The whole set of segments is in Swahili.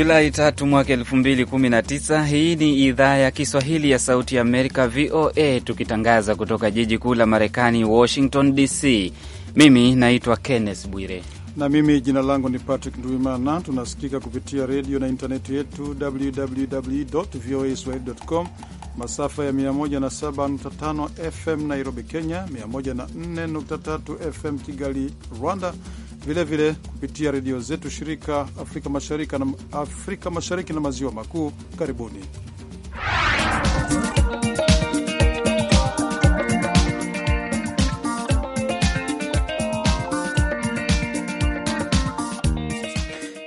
Julai tatu mwaka elfu mbili kumi na tisa. Hii ni idhaa ya Kiswahili ya Sauti ya Amerika, VOA, tukitangaza kutoka jiji kuu la Marekani, Washington DC. Mimi naitwa Kenneth Bwire na mimi jina langu ni Patrick Nduimana. Tunasikika kupitia redio na intaneti yetu www voa swahili.com, masafa ya 107.5 FM Nairobi, Kenya, 104.3 FM Kigali, Rwanda, vilevile kupitia redio zetu shirika Afrika Mashariki na, Afrika Mashariki na Maziwa Makuu. Karibuni.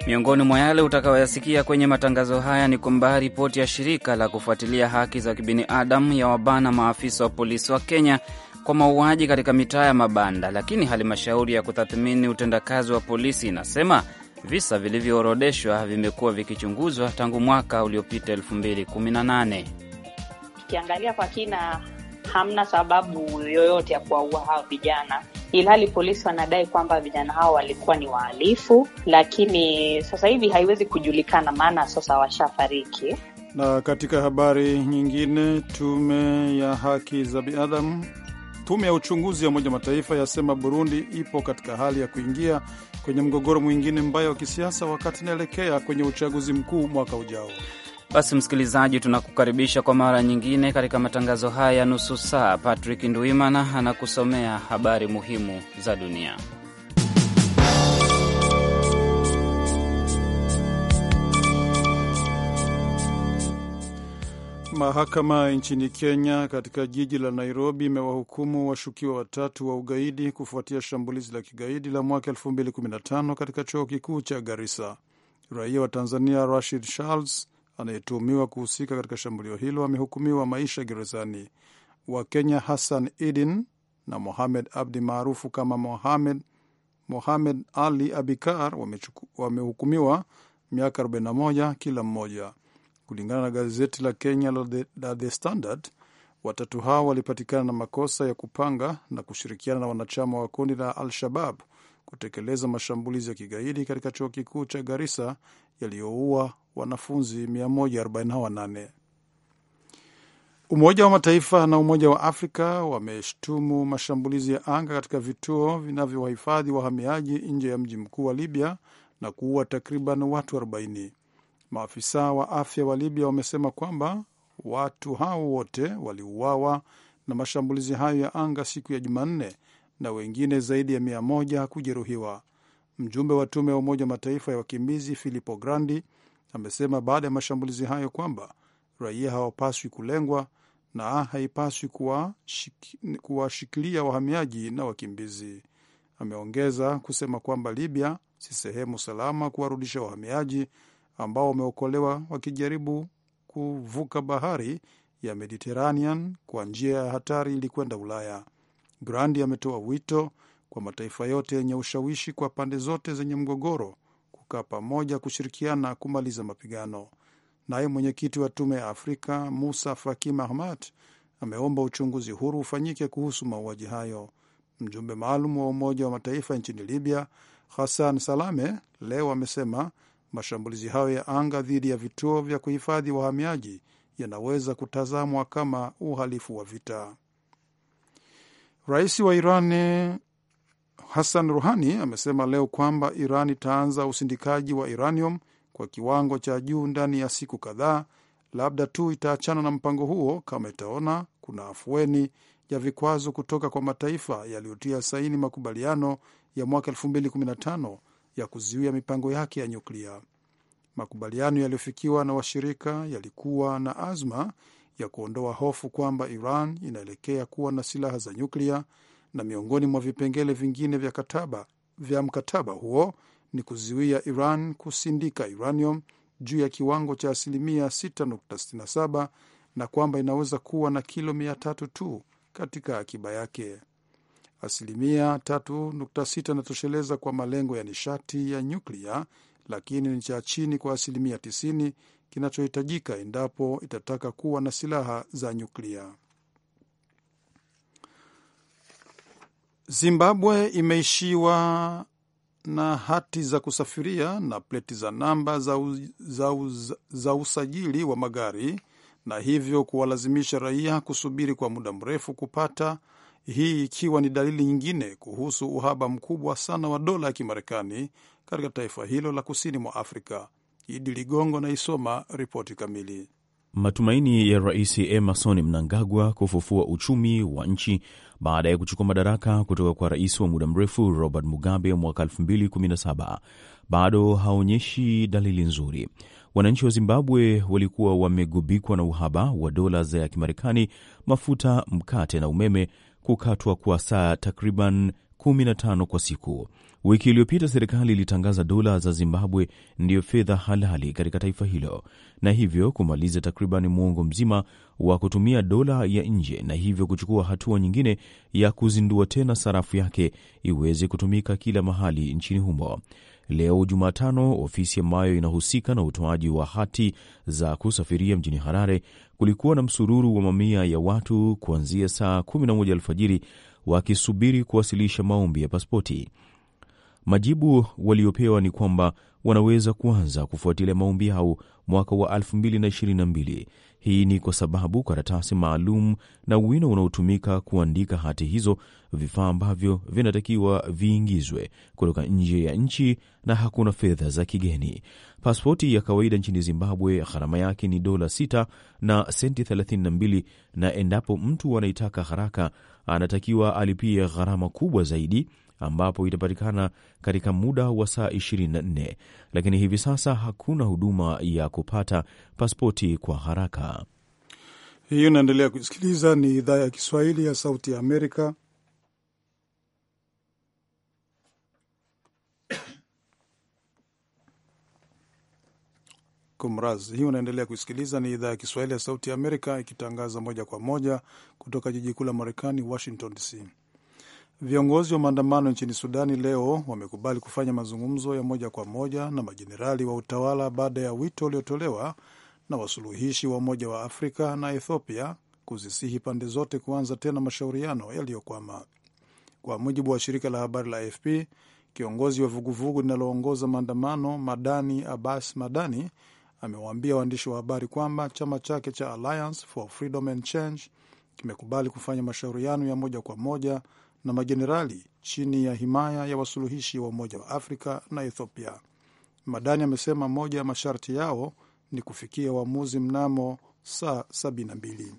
Miongoni mwa yale utakayoyasikia kwenye matangazo haya ni kwamba ripoti ya shirika la kufuatilia haki za kibinadamu ya wabana maafisa wa polisi wa Kenya kwa mauaji katika mitaa ya mabanda, lakini halmashauri ya kutathmini utendakazi wa polisi inasema visa vilivyoorodeshwa vimekuwa vikichunguzwa tangu mwaka uliopita 2018. Tukiangalia kwa kina, hamna sababu yoyote ya kuwaua hawa vijana, ilhali polisi wanadai kwamba vijana hao walikuwa ni wahalifu, lakini sasa hivi haiwezi kujulikana, maana sasa washafariki. Na katika habari nyingine, tume ya haki za binadamu Tume ya uchunguzi ya Umoja Mataifa yasema Burundi ipo katika hali ya kuingia kwenye mgogoro mwingine mbaya wa kisiasa wakati inaelekea kwenye uchaguzi mkuu mwaka ujao. Basi msikilizaji, tunakukaribisha kwa mara nyingine katika matangazo haya ya nusu saa. Patrick Ndwimana anakusomea habari muhimu za dunia. Mahakama nchini Kenya katika jiji la Nairobi imewahukumu washukiwa watatu wa ugaidi kufuatia shambulizi la kigaidi la mwaka 2015 katika chuo kikuu cha Garissa. Raia wa Tanzania Rashid Charles anayetuhumiwa kuhusika katika shambulio hilo amehukumiwa maisha gerezani. Wakenya Hassan Idin na Mohamed Abdi maarufu kama Mohamed, Mohamed Ali Abikar wamehukumiwa miaka 41 kila mmoja. Kulingana na gazeti la Kenya la The, la The Standard, watatu hao walipatikana na makosa ya kupanga na kushirikiana na wanachama wa kundi la Al-Shabab kutekeleza mashambulizi ya kigaidi katika chuo kikuu cha Garissa yaliyoua wanafunzi 148. Umoja wa Mataifa na Umoja wa Afrika wameshtumu mashambulizi ya anga katika vituo vinavyowahifadhi wahamiaji nje ya mji mkuu wa Libya na kuua takriban watu 40. Maafisa wa afya wa Libya wamesema kwamba watu hao wote waliuawa na mashambulizi hayo ya anga siku ya Jumanne na wengine zaidi ya mia moja kujeruhiwa. Mjumbe wa tume ya Umoja Mataifa ya wakimbizi Filippo Grandi amesema baada ya mashambulizi hayo kwamba raia hawapaswi kulengwa na haipaswi kuwashikilia wahamiaji na wakimbizi. Ameongeza kusema kwamba Libya si sehemu salama kuwarudisha wahamiaji ambao wameokolewa wakijaribu kuvuka bahari ya Mediterranean kwa njia ya hatari ili kwenda Ulaya. Grandi ametoa wito kwa mataifa yote yenye ushawishi kwa pande zote zenye mgogoro kukaa pamoja, kushirikiana kumaliza mapigano. Naye mwenyekiti wa tume ya Afrika Musa Faki Mahamat ameomba uchunguzi huru ufanyike kuhusu mauaji hayo. Mjumbe maalum wa Umoja wa Mataifa nchini Libya Hassan Salame leo amesema Mashambulizi hayo ya anga dhidi ya vituo vya kuhifadhi wahamiaji yanaweza kutazamwa kama uhalifu wa vita. Rais wa Iran Hassan Ruhani amesema leo kwamba Iran itaanza usindikaji wa uranium kwa kiwango cha juu ndani ya siku kadhaa, labda tu itaachana na mpango huo kama itaona kuna afueni ya vikwazo kutoka kwa mataifa yaliyotia saini makubaliano ya mwaka 2015 ya kuzuia mipango yake ya nyuklia. Makubaliano yaliyofikiwa na washirika yalikuwa na azma ya kuondoa hofu kwamba Iran inaelekea kuwa na silaha za nyuklia, na miongoni mwa vipengele vingine vya kataba, vya mkataba huo ni kuzuia Iran kusindika uranium juu ya kiwango cha asilimia 6.67 na kwamba inaweza kuwa na kilo 300 tu katika akiba yake. Asilimia 3.6 inatosheleza kwa malengo ya nishati ya nyuklia, lakini ni cha chini kwa asilimia 90 kinachohitajika endapo itataka kuwa na silaha za nyuklia. Zimbabwe imeishiwa na hati za kusafiria na pleti za namba za, u, za, u, za usajili wa magari na hivyo kuwalazimisha raia kusubiri kwa muda mrefu kupata hii ikiwa ni dalili nyingine kuhusu uhaba mkubwa sana wa dola ya Kimarekani katika taifa hilo la kusini mwa Afrika. Idi Ligongo naisoma ripoti kamili. Matumaini ya Rais Emerson Mnangagwa kufufua uchumi wa nchi baada ya kuchukua madaraka kutoka kwa rais wa muda mrefu Robert Mugabe mwaka 2017 bado haonyeshi dalili nzuri. Wananchi wa Zimbabwe walikuwa wamegubikwa na uhaba wa dola za ya Kimarekani, mafuta, mkate na umeme kukatwa kwa saa takriban 15 kwa siku. Wiki iliyopita serikali ilitangaza dola za Zimbabwe ndiyo fedha halali katika taifa hilo, na hivyo kumaliza takriban muongo mzima wa kutumia dola ya nje, na hivyo kuchukua hatua nyingine ya kuzindua tena sarafu yake iweze kutumika kila mahali nchini humo. Leo Jumatano, ofisi ambayo inahusika na utoaji wa hati za kusafiria mjini Harare, kulikuwa na msururu wa mamia ya watu kuanzia saa 11 alfajiri wakisubiri kuwasilisha maombi ya pasipoti. Majibu waliopewa ni kwamba wanaweza kuanza kufuatilia maombi yao mwaka wa 2022 hii ni kwa sababu karatasi maalum na wino unaotumika kuandika hati hizo, vifaa ambavyo vinatakiwa viingizwe kutoka nje ya nchi na hakuna fedha za kigeni. paspoti ya kawaida nchini Zimbabwe gharama yake ni dola 6 na senti 32, na endapo mtu anaitaka haraka anatakiwa alipia gharama kubwa zaidi ambapo itapatikana katika muda wa saa 24, lakini hivi sasa hakuna huduma ya kupata paspoti kwa haraka. Hii unaendelea kusikiliza, ni idhaa ya Kiswahili ya Sauti ya Amerika. hii unaendelea kuisikiliza ni idhaa ya Kiswahili ya Sauti ya Amerika ikitangaza moja kwa moja kutoka jiji kuu la Marekani, Washington DC. Viongozi wa maandamano nchini Sudani leo wamekubali kufanya mazungumzo ya moja kwa moja na majenerali wa utawala baada ya wito uliotolewa na wasuluhishi wa Umoja wa Afrika na Ethiopia kuzisihi pande zote kuanza tena mashauriano yaliyokwama. Kwa mujibu wa shirika la habari la AFP, kiongozi wa vuguvugu linaloongoza maandamano Madani Abbas Madani amewaambia waandishi wa habari kwamba chama chake cha Alliance for Freedom and Change kimekubali kufanya mashauriano ya moja kwa moja na majenerali chini ya himaya ya wasuluhishi wa Umoja wa Afrika na Ethiopia. Madani amesema moja ya masharti yao ni kufikia uamuzi mnamo saa mbili.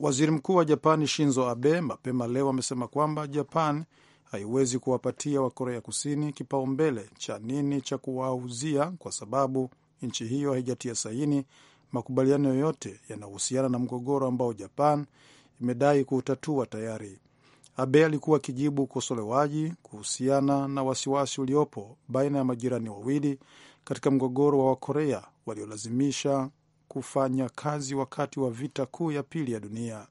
Waziri Mkuu wa Japani Shinzo Abe mapema leo amesema kwamba Japan haiwezi kuwapatia wa Korea Kusini kipaumbele cha nini cha kuwauzia kwa sababu nchi hiyo haijatia saini makubaliano yoyote yanayohusiana na mgogoro ambao Japan imedai kuutatua tayari. Abe alikuwa akijibu ukosolewaji kuhusiana na wasiwasi uliopo baina ya majirani wawili katika mgogoro wa Wakorea waliolazimisha kufanya kazi wakati wa vita kuu ya pili ya dunia.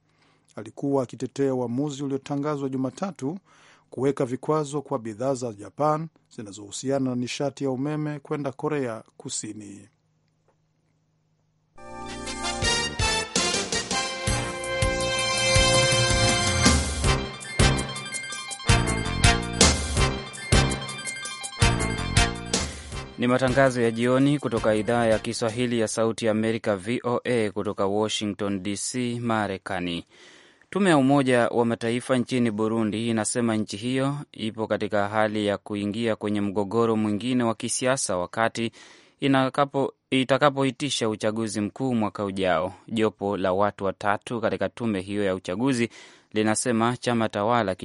Alikuwa akitetea uamuzi uliotangazwa Jumatatu kuweka vikwazo kwa bidhaa za Japan zinazohusiana na nishati ya umeme kwenda Korea Kusini. Ni matangazo ya jioni kutoka idhaa ya Kiswahili ya Sauti ya Amerika, VOA, kutoka Washington DC, Marekani. Tume ya Umoja wa Mataifa nchini Burundi inasema nchi hiyo ipo katika hali ya kuingia kwenye mgogoro mwingine wa kisiasa wakati itakapoitisha uchaguzi mkuu mwaka ujao. Jopo la watu watatu katika tume hiyo ya uchaguzi linasema chama tawala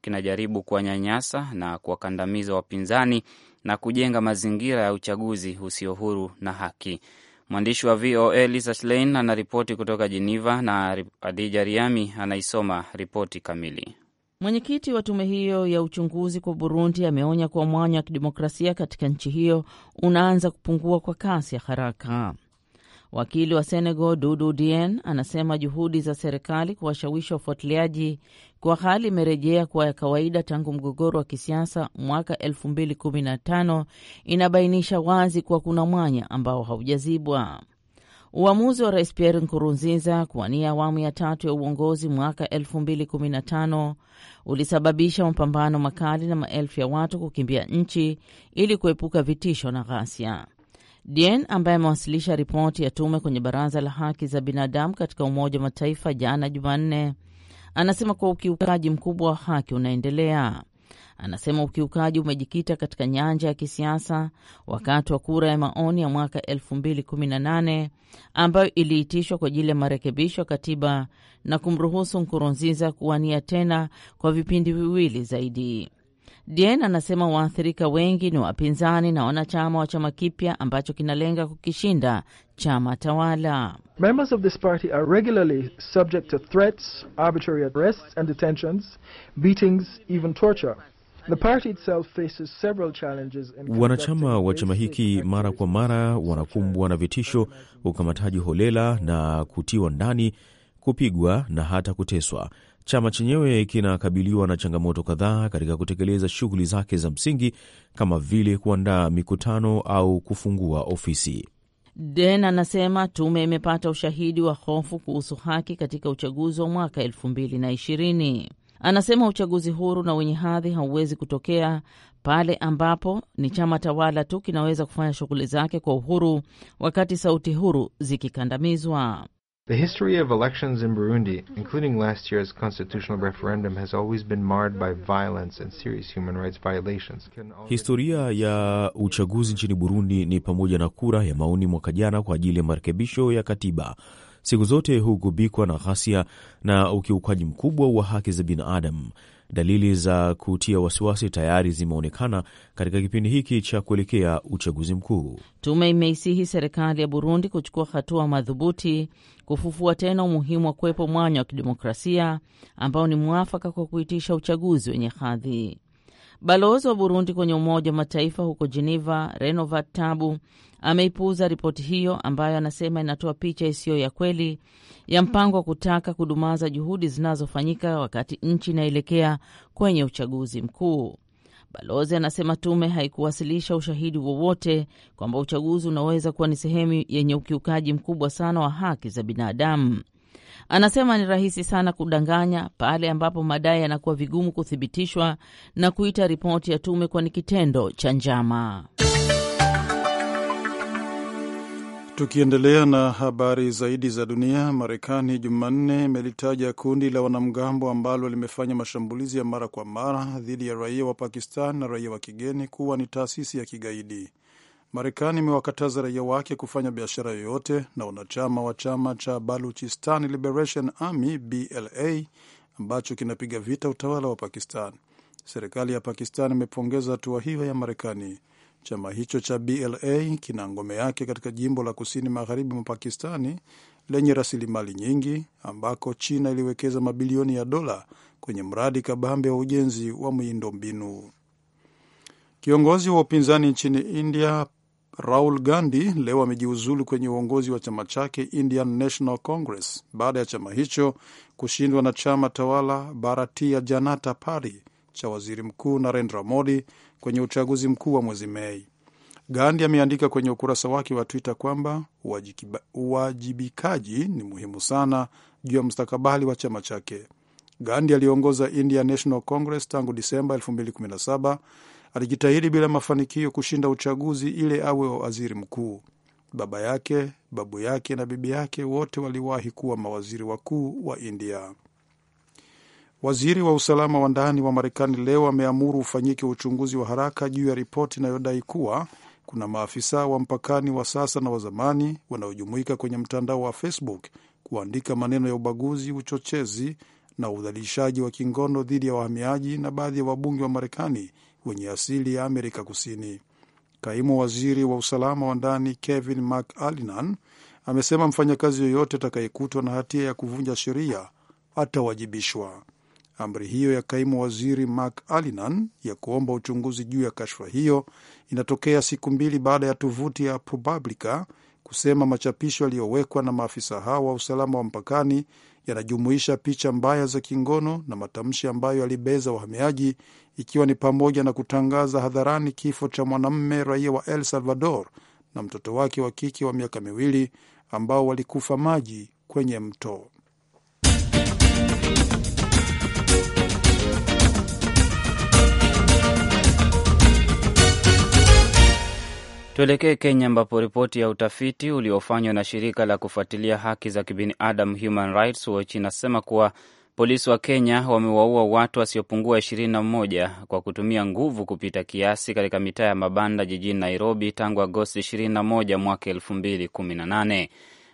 kinajaribu kuwanyanyasa na kuwakandamiza wapinzani na kujenga mazingira ya uchaguzi usio huru na haki. Mwandishi wa VOA Lisa Schlein anaripoti kutoka Jeneva na Adija Riami anaisoma ripoti kamili. Mwenyekiti wa tume hiyo ya uchunguzi kwa Burundi ameonya kuwa mwanya wa kidemokrasia katika nchi hiyo unaanza kupungua kwa kasi ya haraka. Wakili wa Senegal Dudu Dien anasema juhudi za serikali kuwashawishi wafuatiliaji kwa hali imerejea kuwa ya kawaida tangu mgogoro wa kisiasa mwaka 2015 inabainisha wazi kuwa kuna mwanya ambao haujazibwa. Uamuzi wa Rais Pierre Nkurunziza kuwania awamu ya tatu ya uongozi mwaka 2015 ulisababisha mapambano makali na maelfu ya watu kukimbia nchi ili kuepuka vitisho na ghasia. Dien ambaye amewasilisha ripoti ya tume kwenye baraza la haki za binadamu katika Umoja wa Mataifa jana Jumanne, anasema kuwa ukiukaji mkubwa wa haki unaendelea. Anasema ukiukaji umejikita katika nyanja ya kisiasa wakati wa kura ya maoni ya mwaka 2018 ambayo iliitishwa kwa ajili ya marekebisho ya katiba na kumruhusu Nkurunziza kuwania tena kwa vipindi viwili zaidi. Dien anasema waathirika wengi ni wapinzani na wanachama wa chama kipya ambacho kinalenga kukishinda chama tawala. Members of this party are regularly subject to threats, arbitrary arrests and detentions, beatings, even torture. The party itself faces several challenges wanachama wa chama hiki mara kwa mara wanakumbwa na vitisho, ukamataji holela na kutiwa ndani, kupigwa na hata kuteswa. Chama chenyewe kinakabiliwa na changamoto kadhaa katika kutekeleza shughuli zake za msingi kama vile kuandaa mikutano au kufungua ofisi. Den anasema tume imepata ushahidi wa hofu kuhusu haki katika uchaguzi wa mwaka elfu mbili na ishirini. Anasema uchaguzi huru na wenye hadhi hauwezi kutokea pale ambapo ni chama tawala tu kinaweza kufanya shughuli zake kwa uhuru wakati sauti huru zikikandamizwa. The history of elections in Burundi, including last year's constitutional referendum, has always been marred by violence and serious human rights violations. Historia ya uchaguzi nchini Burundi ni pamoja na kura ya maoni mwaka jana kwa ajili ya marekebisho ya katiba. Siku zote hugubikwa na ghasia na ukiukaji mkubwa wa haki za binadamu. Dalili za kutia wasiwasi tayari zimeonekana katika kipindi hiki cha kuelekea uchaguzi mkuu. Tume imeisihi serikali ya Burundi kuchukua hatua madhubuti kufufua tena umuhimu wa kuwepo mwanya wa kidemokrasia ambao ni mwafaka kwa kuitisha uchaguzi wenye hadhi. Balozi wa Burundi kwenye Umoja wa Mataifa huko Geneva, Renovat Tabu, ameipuuza ripoti hiyo ambayo anasema inatoa picha isiyo ya kweli ya mpango wa kutaka kudumaza juhudi zinazofanyika wakati nchi inaelekea kwenye uchaguzi mkuu. Balozi anasema tume haikuwasilisha ushahidi wowote kwamba uchaguzi unaweza kuwa ni sehemu yenye ukiukaji mkubwa sana wa haki za binadamu. Anasema ni rahisi sana kudanganya pale ambapo madai yanakuwa vigumu kuthibitishwa na kuita ripoti ya tume kuwa ni kitendo cha njama. Tukiendelea na habari zaidi za dunia, Marekani Jumanne imelitaja kundi la wanamgambo ambalo limefanya mashambulizi ya mara kwa mara dhidi ya raia wa Pakistan na raia wa kigeni kuwa ni taasisi ya kigaidi. Marekani imewakataza raia wake kufanya biashara yoyote na wanachama wa chama cha Baluchistan Liberation Army BLA ambacho kinapiga vita utawala wa Pakistan. Serikali ya Pakistan imepongeza hatua hiyo ya Marekani. Chama hicho cha BLA kina ngome yake katika jimbo la kusini magharibi mwa Pakistani lenye rasilimali nyingi ambako China iliwekeza mabilioni ya dola kwenye mradi kabambe wa ujenzi wa miundombinu. Kiongozi wa upinzani nchini India Raul Gandhi leo amejiuzulu kwenye uongozi wa chama chake Indian National Congress baada ya chama hicho kushindwa na chama tawala Bharatiya Janata Party cha waziri mkuu Narendra Modi kwenye uchaguzi mkuu wa mwezi Mei. Gandhi ameandika kwenye ukurasa wake wa Twitter kwamba uwajibikaji ni muhimu sana juu ya mustakabali wa chama chake. Gandhi aliongoza India National Congress tangu Disemba alijitahidi bila mafanikio kushinda uchaguzi ile awe wa waziri mkuu. Baba yake, babu yake na bibi yake wote waliwahi kuwa mawaziri wakuu wa India. Waziri wa usalama wa ndani wa Marekani leo ameamuru ufanyike uchunguzi wa haraka juu ya ripoti inayodai kuwa kuna maafisa wa mpakani wa sasa na wa zamani wanaojumuika kwenye mtandao wa Facebook kuandika maneno ya ubaguzi, uchochezi na udhalilishaji wa kingono dhidi ya wahamiaji na baadhi ya wabunge wa Marekani wenye asili ya Amerika Kusini. Kaimu waziri wa usalama wa ndani Kevin McAllinan amesema mfanyakazi yoyote atakayekutwa na hatia ya kuvunja sheria atawajibishwa. Amri hiyo ya kaimu waziri McAllinan ya kuomba uchunguzi juu ya kashfa hiyo inatokea siku mbili baada ya tovuti ya ProPublica kusema machapisho yaliyowekwa na maafisa hao wa usalama wa mpakani yanajumuisha picha mbaya za kingono na matamshi ambayo yalibeza wahamiaji ikiwa ni pamoja na kutangaza hadharani kifo cha mwanamume raia wa El Salvador na mtoto wake wa kike wa miaka miwili ambao walikufa maji kwenye mto. Tuelekee Kenya, ambapo ripoti ya utafiti uliofanywa na shirika la kufuatilia haki za kibinadamu Human Rights Watch inasema kuwa Polisi wa Kenya wamewaua watu wasiopungua ishirini na mmoja kwa kutumia nguvu kupita kiasi katika mitaa ya mabanda jijini Nairobi tangu Agosti 21 mwaka 2018.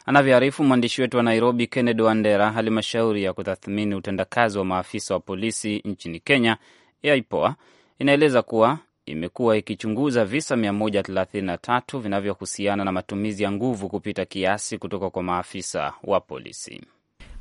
Anavyoarifu mwandishi wetu wa Nairobi, Kennedy Wandera. Halmashauri ya kutathmini utendakazi wa maafisa wa polisi nchini Kenya, AIPOA, inaeleza kuwa imekuwa ikichunguza visa 133 vinavyohusiana na matumizi ya nguvu kupita kiasi kutoka kwa maafisa wa polisi.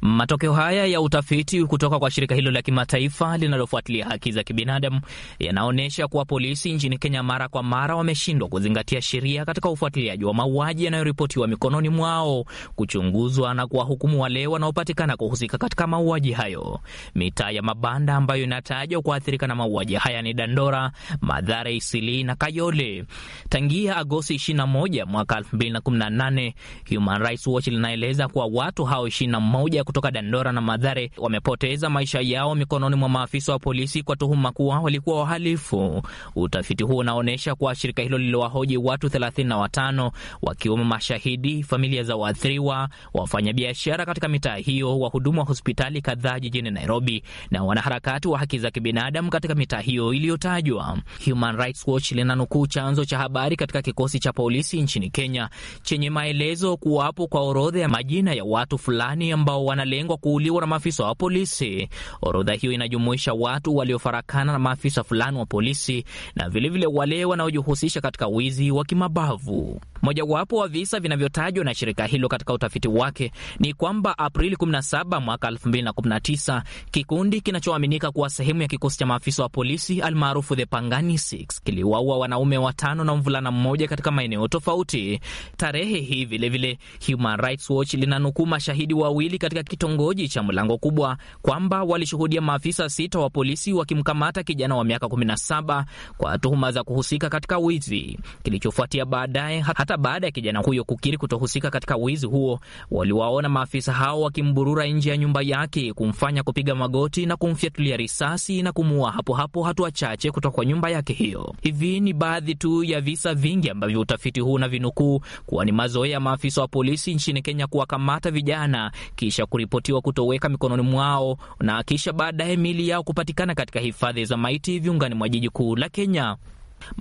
Matokeo haya ya utafiti kutoka kwa shirika hilo la kimataifa linalofuatilia haki za kibinadamu yanaonyesha kuwa polisi nchini Kenya mara kwa mara wameshindwa kuzingatia sheria katika ufuatiliaji wa mauaji yanayoripotiwa mikononi mwao, kuchunguzwa na kuwahukumu wale wanaopatikana kuhusika katika mauaji hayo. Mitaa ya mabanda ambayo inatajwa kuathirika na mauaji haya ni Dandora, Madhare, Isili na Kayole. Tangia Agosti 21 mwaka 2018, Human Rights Watch linaeleza kuwa watu hao 21 kutoka Dandora na Madhare wamepoteza maisha yao mikononi mwa maafisa wa polisi kwa tuhuma kuwa walikuwa wahalifu. Utafiti huo unaonyesha kuwa shirika hilo liliwahoji watu 35 wakiwemo mashahidi, familia za waathiriwa, wafanyabiashara katika mitaa hiyo, wahudumu wa hospitali kadhaa jijini Nairobi na wanaharakati wa haki za kibinadamu katika mitaa hiyo iliyotajwa. Human Rights Watch linanukuu chanzo cha habari katika kikosi cha polisi nchini Kenya chenye maelezo kuwapo kwa orodha ya majina ya watu fulani ambao wana wanalengwa kuuliwa na maafisa wa polisi. Orodha hiyo inajumuisha watu waliofarakana na maafisa fulani wa polisi na vilevile wale wanaojihusisha katika wizi wa kimabavu. Mojawapo wa visa vinavyotajwa na shirika hilo katika utafiti wake ni kwamba Aprili 17 mwaka 2019 kikundi kinachoaminika kuwa sehemu ya kikosi cha maafisa wa polisi almaarufu the Pangani 6 kiliwaua wanaume watano na mvulana mmoja katika maeneo tofauti. Tarehe hii vilevile Human Rights Watch linanukuu mashahidi wawili katika kitongoji cha Mlango Kubwa kwamba walishuhudia maafisa sita wa polisi wakimkamata kijana wa miaka 17 kwa tuhuma za kuhusika katika wizi, kilichofuatia baadaye. Hata baada ya kijana huyo kukiri kutohusika katika wizi huo, waliwaona maafisa hao wakimburura nje ya nyumba yake, kumfanya kupiga magoti na kumfyatulia risasi na kumuua hapo hapo, hatua chache kutoka kwa nyumba yake hiyo. Hivi ni baadhi tu ya visa vingi ambavyo utafiti huu na vinukuu kuwa ni mazoea ya maafisa wa polisi nchini Kenya kuwakamata vijana kisha kuripotiwa kutoweka mikononi mwao na kisha baadaye mili yao kupatikana katika hifadhi za maiti viungani mwa jiji kuu la Kenya.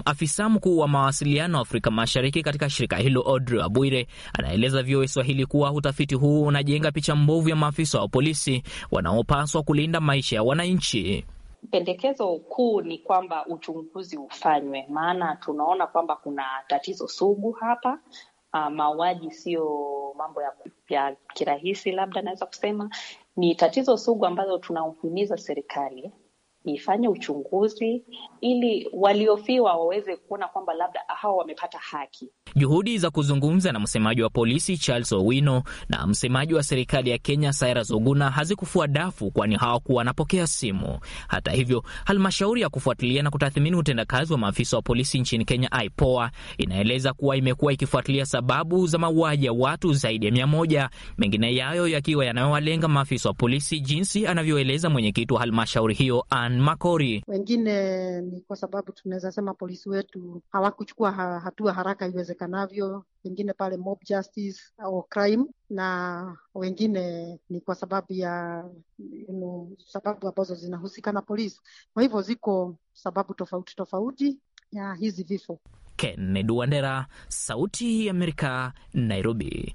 Afisa mkuu wa mawasiliano Afrika Mashariki katika shirika hilo Audrey Abwire anaeleza VOA Swahili kuwa utafiti huu unajenga picha mbovu ya maafisa wa polisi wanaopaswa kulinda maisha ya wananchi. Pendekezo kuu ni kwamba uchunguzi ufanywe, maana tunaona kwamba kuna tatizo sugu hapa, uh, ah, mauaji sio mambo ya, ya kirahisi, labda naweza kusema ni tatizo sugu ambalo tunahimiza serikali ifanye uchunguzi ili waliofiwa waweze kuona kwamba labda hawa wamepata haki. Juhudi za kuzungumza na msemaji wa polisi Charles Owino na msemaji wa serikali ya Kenya Cyrus Oguna hazikufua dafu, kwani hawakuwa wanapokea simu. Hata hivyo, halmashauri ya kufuatilia na kutathmini utendakazi wa maafisa wa polisi nchini Kenya IPOA inaeleza kuwa imekuwa ikifuatilia sababu za mauaji ya watu zaidi ya mia moja, mengine yayo yakiwa yanayowalenga maafisa wa polisi, jinsi anavyoeleza mwenyekiti wa halmashauri hiyo an Aman Makori. Wengine ni kwa sababu tunaweza sema polisi wetu hawakuchukua hatua haraka iwezekanavyo, wengine pale mob justice au crime, na wengine ni kwa sababu ya inu, sababu ambazo zinahusika na polisi. Kwa hivyo ziko sababu tofauti tofauti ya hizi vifo. Kennedy Wandera, Sauti ya Amerika, Nairobi.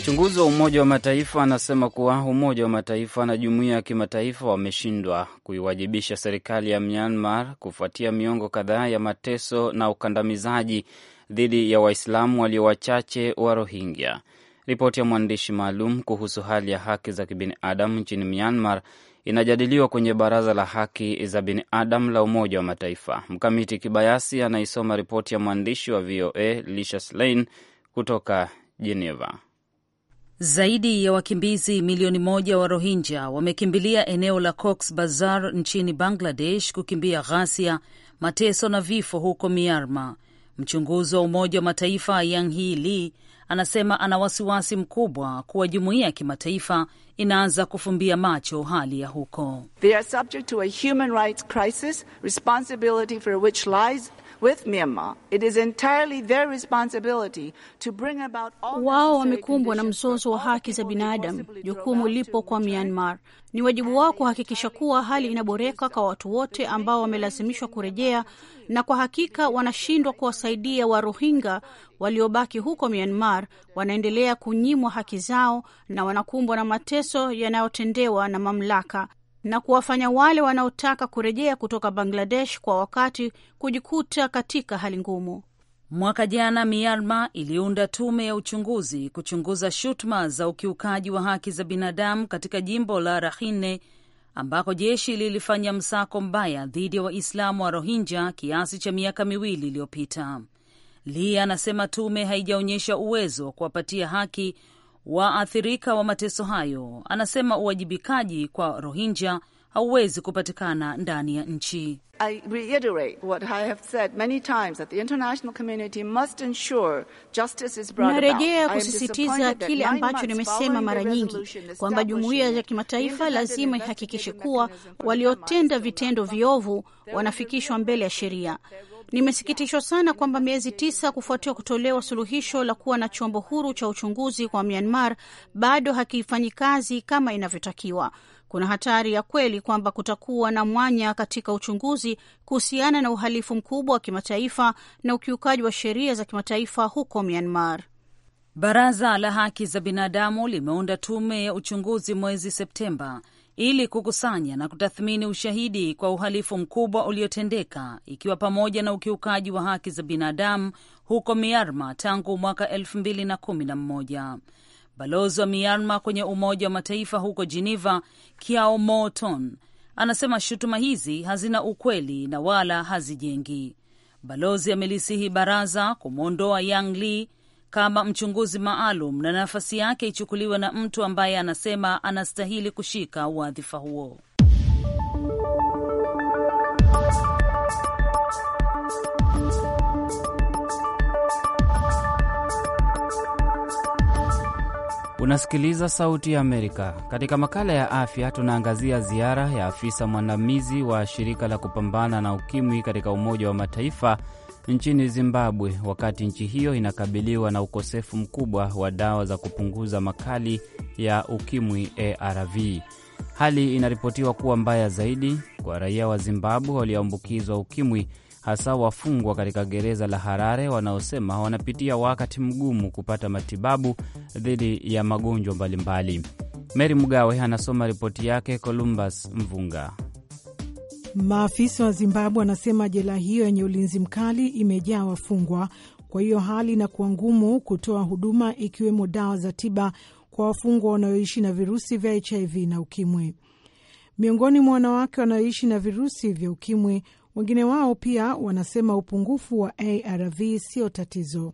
Mchunguzi wa Umoja wa Mataifa anasema kuwa Umoja wa Mataifa na jumuiya ya kimataifa wameshindwa kuiwajibisha serikali ya Myanmar kufuatia miongo kadhaa ya mateso na ukandamizaji dhidi ya Waislamu walio wachache wa Rohingya. Ripoti ya mwandishi maalum kuhusu hali ya haki za kibinadamu nchini Myanmar inajadiliwa kwenye Baraza la Haki za Binadamu la Umoja wa Mataifa. Mkamiti Kibayasi anaisoma ripoti ya mwandishi wa VOA Lisha Slain kutoka Geneva. Zaidi ya wakimbizi milioni moja wa Rohingya wamekimbilia eneo la Cox Bazar nchini Bangladesh kukimbia ghasia, mateso na vifo huko Myanmar. Mchunguzi wa Umoja wa Mataifa yang hi Lee anasema ana wasiwasi mkubwa kuwa jumuiya ya kimataifa inaanza kufumbia macho hali ya huko. They are subject to a human rights crisis, responsibility for which lies with Myanmar, it is entirely their responsibility to bring about all. Wao wamekumbwa na mzozo wa haki za binadamu. Jukumu lipo kwa Myanmar. Ni wajibu wao kuhakikisha kuwa hali inaboreka kwa watu wote ambao wamelazimishwa kurejea, na kwa hakika wanashindwa kuwasaidia wa Rohingya waliobaki huko Myanmar. Wanaendelea kunyimwa haki zao na wanakumbwa na mateso yanayotendewa na mamlaka na kuwafanya wale wanaotaka kurejea kutoka Bangladesh kwa wakati kujikuta katika hali ngumu. Mwaka jana Myanmar iliunda tume ya uchunguzi kuchunguza shutuma za ukiukaji wa haki za binadamu katika jimbo la Rakhine ambako jeshi lilifanya msako mbaya dhidi ya Waislamu wa Rohingya kiasi cha miaka miwili iliyopita. Lee anasema tume haijaonyesha uwezo wa kuwapatia haki waathirika wa mateso hayo, anasema uwajibikaji kwa Rohingya hauwezi kupatikana ndani ya nchi. I reiterate what I have said many times that the international community must ensure justice is brought about. Narejea kusisitiza kile ambacho nimesema mara nyingi kwamba jumuiya ya kimataifa lazima ihakikishe kuwa waliotenda vitendo viovu wanafikishwa mbele ya sheria. Nimesikitishwa sana kwamba miezi tisa kufuatia kutolewa suluhisho la kuwa na chombo huru cha uchunguzi kwa Myanmar bado hakifanyi kazi kama inavyotakiwa. Kuna hatari ya kweli kwamba kutakuwa na mwanya katika uchunguzi kuhusiana na uhalifu mkubwa wa kimataifa na ukiukaji wa sheria za kimataifa huko Myanmar. Baraza la Haki za Binadamu limeunda tume ya uchunguzi mwezi Septemba ili kukusanya na kutathmini ushahidi kwa uhalifu mkubwa uliotendeka ikiwa pamoja na ukiukaji wa haki za binadamu huko Myanmar tangu mwaka elfu na kumi na mmoja. Balozi wa Myanmar kwenye Umoja wa Mataifa huko Geneva, Kiao Moton, anasema shutuma hizi hazina ukweli na wala hazijengi. Balozi amelisihi baraza kumwondoa Yang Lee kama mchunguzi maalum na nafasi yake ichukuliwe na mtu ambaye anasema anastahili kushika wadhifa huo. Unasikiliza Sauti ya Amerika. Katika makala ya afya, tunaangazia ziara ya afisa mwandamizi wa shirika la kupambana na ukimwi katika Umoja wa Mataifa nchini Zimbabwe, wakati nchi hiyo inakabiliwa na ukosefu mkubwa wa dawa za kupunguza makali ya ukimwi ARV. Hali inaripotiwa kuwa mbaya zaidi kwa raia wa Zimbabwe walioambukizwa ukimwi, hasa wafungwa katika gereza la Harare wanaosema wanapitia wakati mgumu kupata matibabu dhidi ya magonjwa mbalimbali. Mary Mugawe anasoma ripoti yake Columbus Mvunga. Maafisa wa Zimbabwe wanasema jela hiyo yenye ulinzi mkali imejaa wafungwa, kwa hiyo hali inakuwa ngumu kutoa huduma ikiwemo dawa za tiba kwa wafungwa wanaoishi na virusi vya HIV na ukimwi. Miongoni mwa wanawake wanaoishi na virusi vya ukimwi, wengine wao pia wanasema upungufu wa ARV sio tatizo.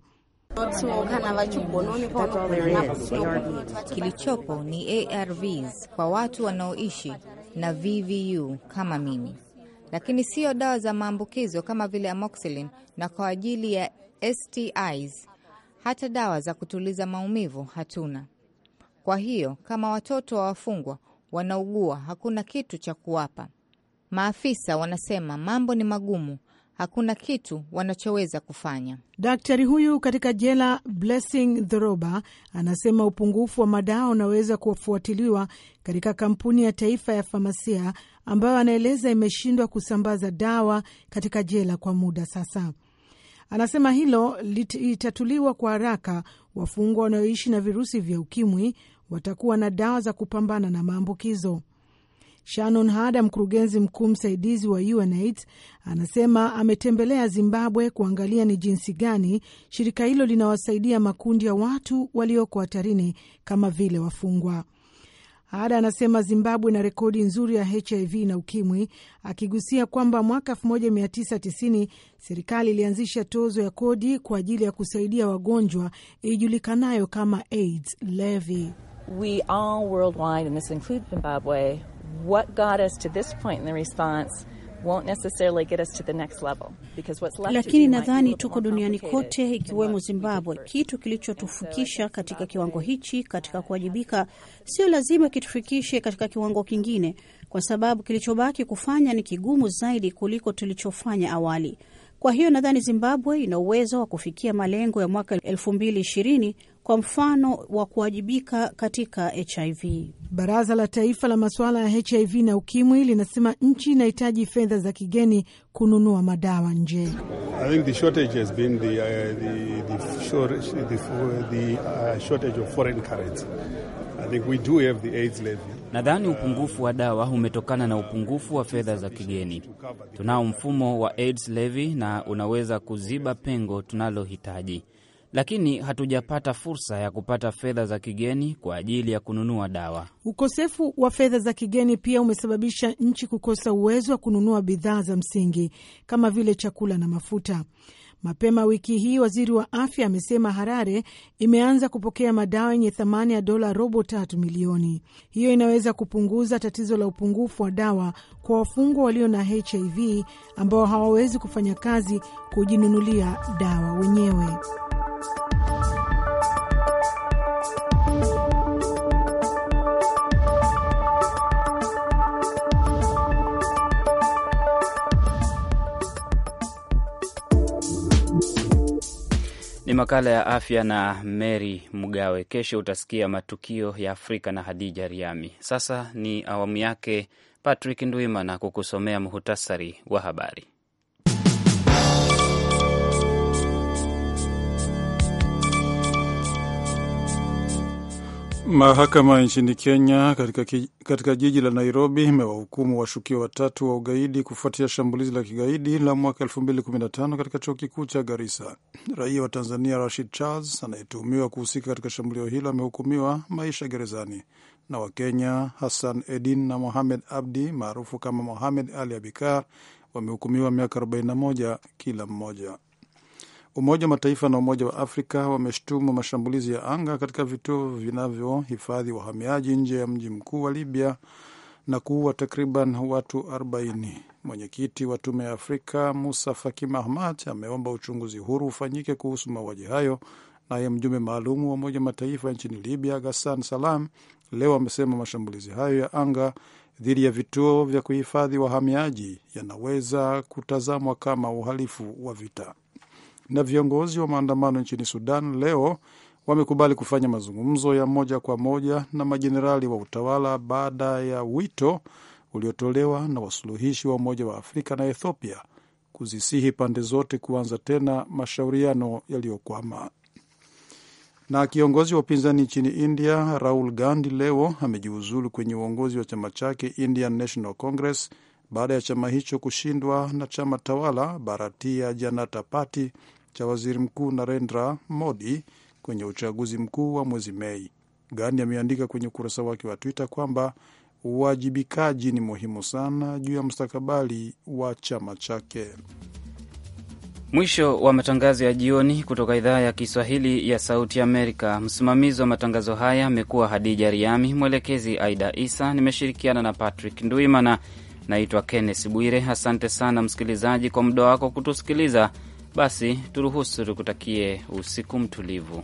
Kilichopo ni ARVs kwa watu wanaoishi na VVU kama mimi lakini sio dawa za maambukizo kama vile amoxicillin na kwa ajili ya STIs hata dawa za kutuliza maumivu hatuna. Kwa hiyo kama watoto wa wafungwa wanaugua, hakuna kitu cha kuwapa. Maafisa wanasema mambo ni magumu, hakuna kitu wanachoweza kufanya. Daktari huyu katika jela Blessing Dhoroba anasema upungufu wa madawa unaweza kufuatiliwa katika kampuni ya taifa ya famasia ambayo anaeleza imeshindwa kusambaza dawa katika jela kwa muda sasa. Anasema hilo litatuliwa kwa haraka. Wafungwa wanaoishi na virusi vya ukimwi watakuwa na dawa za kupambana na maambukizo. Shannon Hada, mkurugenzi mkuu msaidizi wa UNAIDS, anasema ametembelea Zimbabwe kuangalia ni jinsi gani shirika hilo linawasaidia makundi ya watu walioko hatarini kama vile wafungwa. Hada anasema Zimbabwe ina rekodi nzuri ya HIV na UKIMWI, akigusia kwamba mwaka 1990 serikali ilianzisha tozo ya kodi kwa ajili ya kusaidia wagonjwa ijulikanayo kama AIDS levy. We are worldwide and this includes Zimbabwe what got us to this point in the response won't necessarily get us to the next level because what's left. Lakini nadhani tuko duniani kote ikiwemo Zimbabwe, kitu kilichotufikisha katika kiwango hichi katika kuwajibika sio lazima kitufikishe katika kiwango kingine, kwa sababu kilichobaki kufanya ni kigumu zaidi kuliko tulichofanya awali. Kwa hiyo nadhani Zimbabwe ina uwezo wa kufikia malengo ya mwaka 2020 kwa mfano wa kuwajibika katika HIV. Baraza la Taifa la Masuala ya HIV na Ukimwi linasema nchi inahitaji fedha za kigeni kununua madawa nje. Uh, uh, Nadhani upungufu wa dawa umetokana na upungufu wa fedha za kigeni. Tunao mfumo wa AIDS levy na unaweza kuziba pengo tunalohitaji lakini hatujapata fursa ya kupata fedha za kigeni kwa ajili ya kununua dawa. Ukosefu wa fedha za kigeni pia umesababisha nchi kukosa uwezo wa kununua bidhaa za msingi kama vile chakula na mafuta. Mapema wiki hii waziri wa afya amesema Harare imeanza kupokea madawa yenye thamani ya dola robo tatu milioni. Hiyo inaweza kupunguza tatizo la upungufu wa dawa kwa wafungwa walio na HIV ambao hawawezi kufanya kazi kujinunulia dawa wenyewe. Ni makala ya afya na Mary Mgawe. Kesho utasikia matukio ya Afrika na Hadija Riami. Sasa ni awamu yake Patrick Ndwimana kukusomea muhutasari wa habari. Mahakama nchini Kenya katika, katika jiji la Nairobi imewahukumu washukiwa watatu wa ugaidi kufuatia shambulizi la kigaidi la mwaka 2015 katika chuo kikuu cha Garissa. Raia wa Tanzania Rashid Charles anayetuhumiwa kuhusika katika shambulio hilo amehukumiwa maisha gerezani, na Wakenya Hassan Edin na Mohamed Abdi maarufu kama Mohamed Ali Abikar wamehukumiwa miaka 41 kila mmoja. Umoja wa Mataifa na Umoja wa Afrika wameshtumu mashambulizi ya anga katika vituo vinavyohifadhi wahamiaji nje ya mji mkuu wa Libya na kuua takriban watu 40. Mwenyekiti wa Tume ya Afrika Musa Faki Mahamat ameomba uchunguzi huru ufanyike kuhusu mauaji hayo. Naye mjumbe maalum wa Umoja Mataifa nchini Libya Ghassan Salam leo amesema mashambulizi hayo ya anga dhidi ya vituo vya kuhifadhi wahamiaji yanaweza kutazamwa kama uhalifu wa vita na viongozi wa maandamano nchini Sudan leo wamekubali kufanya mazungumzo ya moja kwa moja na majenerali wa utawala baada ya wito uliotolewa na wasuluhishi wa Umoja wa Afrika na Ethiopia kuzisihi pande zote kuanza tena mashauriano yaliyokwama. Na kiongozi wa upinzani nchini India Rahul Gandhi leo amejiuzulu kwenye uongozi wa chama chake Indian National Congress baada ya chama hicho kushindwa na chama tawala Bharatiya Janata Party cha waziri mkuu Narendra Modi kwenye uchaguzi mkuu wa mwezi Mei. Gani ameandika kwenye ukurasa wake wa Twitter kwamba uwajibikaji ni muhimu sana juu ya mustakabali wa chama chake. Mwisho wa matangazo ya jioni kutoka idhaa ya Kiswahili ya Sauti Amerika. Msimamizi wa matangazo haya amekuwa Hadija Riami, mwelekezi Aida Isa, nimeshirikiana na Patrick Nduimana. Naitwa Kenneth Bwire. Asante sana msikilizaji kwa muda wako kutusikiliza. Basi turuhusu tukutakie usiku mtulivu.